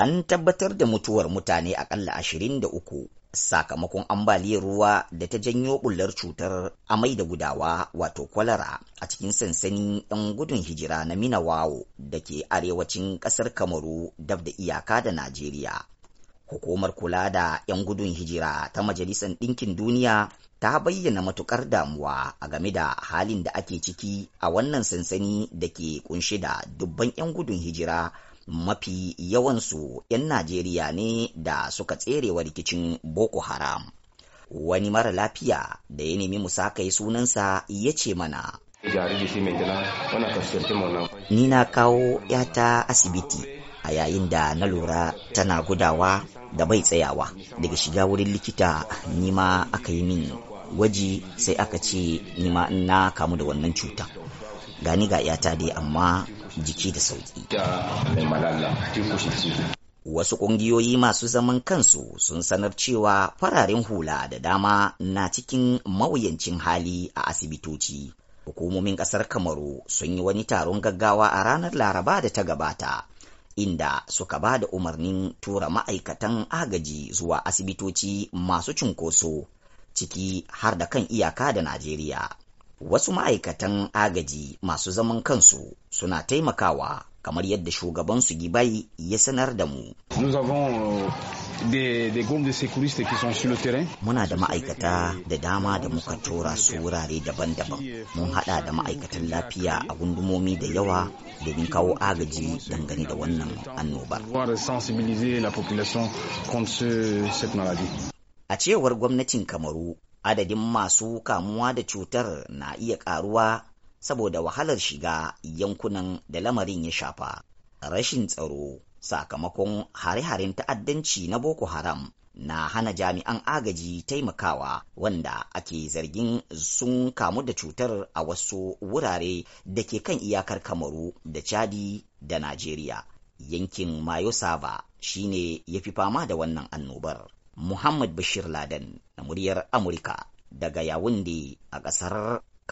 an tabbatar da mutuwar mutane akalla ashirin da uku sakamakon ambaliyar ruwa da ta janyo bullar cutar amai da gudawa wato kwalara a cikin sansanin 'yan gudun hijira na minawawo da ke arewacin kasar kamaru dab da iyaka da najeriya hukumar kula da 'yan gudun hijira ta majalisar ɗinkin duniya ta bayyana matukar damuwa a game da halin da ake ciki a wannan sansani da ke kunshi da dubban 'yan gudun hijira mafi yawansu 'yan Najeriya ne da suka tserewa rikicin Boko Haram. Wani mara lafiya da ya nemi musakai sunansa ya ce mana, Ni na kawo ‘yata asibiti a yayin da na lura tana gudawa da bai tsayawa. Daga shiga wurin likita nima aka yi min gwaji sai aka ce nima na kamu da wannan cuta. Gani ga ‘yata dai amma jiki da sauki. Wasu ƙungiyoyi masu zaman kansu sun sanar cewa fararen hula da dama na cikin mawuyancin hali a asibitoci. Hukumomin ƙasar Kamaru sun yi wani taron gaggawa a ranar Laraba da ta gabata, inda suka ba da umarnin tura ma'aikatan agaji zuwa asibitoci masu cunkoso, ciki har da kan iyaka da Najeriya. wasu ma'aikatan agaji masu zaman kansu suna taimakawa kamar yadda shugabansu gibai ya sanar da mu. Euh, Muna da ma'aikata da dama da muka tura su wurare daban-daban. Mun hada da ma'aikatan lafiya a gundumomi da yawa domin kawo agaji dangane da wannan annobar. A cewar gwamnatin Kamaru adadin masu kamuwa da cutar na iya ƙaruwa saboda wahalar shiga yankunan da lamarin ya shafa rashin tsaro sakamakon hare-haren ta'addanci na boko haram na hana jami'an agaji taimakawa wanda ake zargin sun kamu da cutar a wasu wurare da ke kan iyakar kamaru da chadi da najeriya yankin mayo saba shine ya fi fama da wannan annobar muhammad bashir laden Jamhuriyar Amurka daga Yawundi a ƙasar